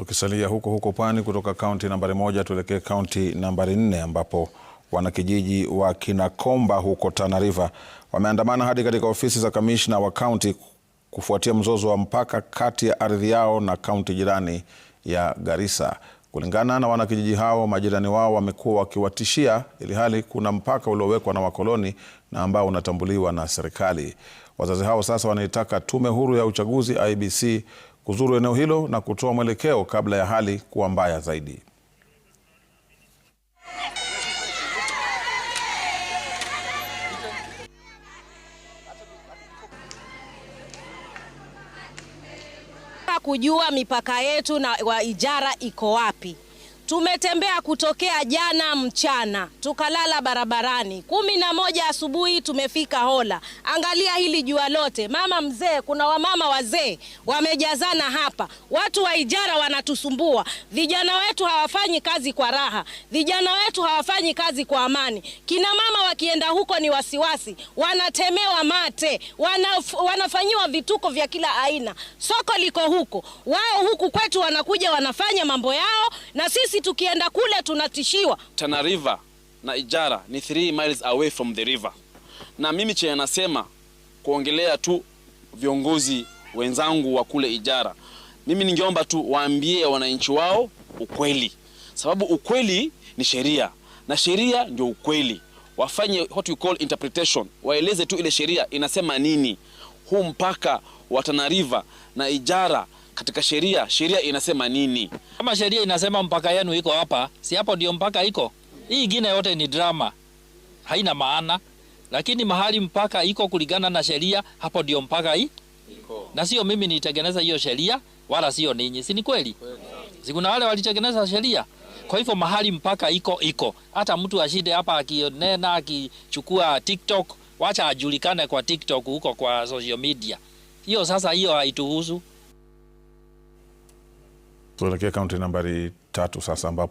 Tukisalia huko huko pwani, kutoka kaunti nambari moja tuelekee kaunti nambari nne ambapo wanakijiji wa Kinakomba huko Tana River wameandamana hadi katika ofisi za kamishna wa kaunti kufuatia mzozo wa mpaka kati ya ardhi yao na kaunti jirani ya Garissa. Kulingana na wanakijiji hao, majirani wao wamekuwa wakiwatishia ili hali kuna mpaka uliowekwa na wakoloni na ambao unatambuliwa na serikali. Wazazi hao sasa wanaitaka tume huru ya uchaguzi IEBC kuzuru eneo hilo na kutoa mwelekeo kabla ya hali kuwa mbaya zaidi. kujua mipaka yetu na wa ijara iko wapi. Tumetembea kutokea jana mchana tukalala barabarani, kumi na moja asubuhi tumefika Hola. Angalia hili jua lote, mama mzee, kuna wamama wazee wamejazana hapa. Watu wa ijara wanatusumbua, vijana wetu hawafanyi kazi kwa raha, vijana wetu hawafanyi kazi kwa amani. Kina mama wakienda huko ni wasiwasi, wanatemewa mate, wanaf, wanafanyiwa vituko vya kila aina. Soko liko huko, wao huku kwetu wanakuja wanafanya mambo yao na sisi sisi tukienda kule tunatishiwa. Tana River na Ijara ni 3 miles away from the river, na mimi chenye nasema kuongelea tu viongozi wenzangu wa kule Ijara, mimi ningeomba tu waambie wananchi wao ukweli, sababu ukweli ni sheria na sheria ndio ukweli. Wafanye what you call interpretation, waeleze tu ile sheria inasema nini. Huu mpaka wa Tana River na Ijara katika sheria, sheria inasema nini? Kama sheria inasema mpaka yenu iko hapa, si hapo ndio mpaka iko? Hii ingine yote ni drama, haina maana. Lakini mahali mpaka iko kulingana na sheria, hapo ndio mpaka hii iko, na sio mimi nitengeneza hiyo sheria, wala sio ninyi. Si ni kweli? Si wale walitengeneza sheria? Kwa hivyo mahali mpaka iko iko, hata mtu ashinde hapa akionena akichukua TikTok, wacha ajulikane kwa TikTok huko kwa social media hiyo. Sasa hiyo haituhusu. Tuelekee kaunti nambari tatu sasa ambapo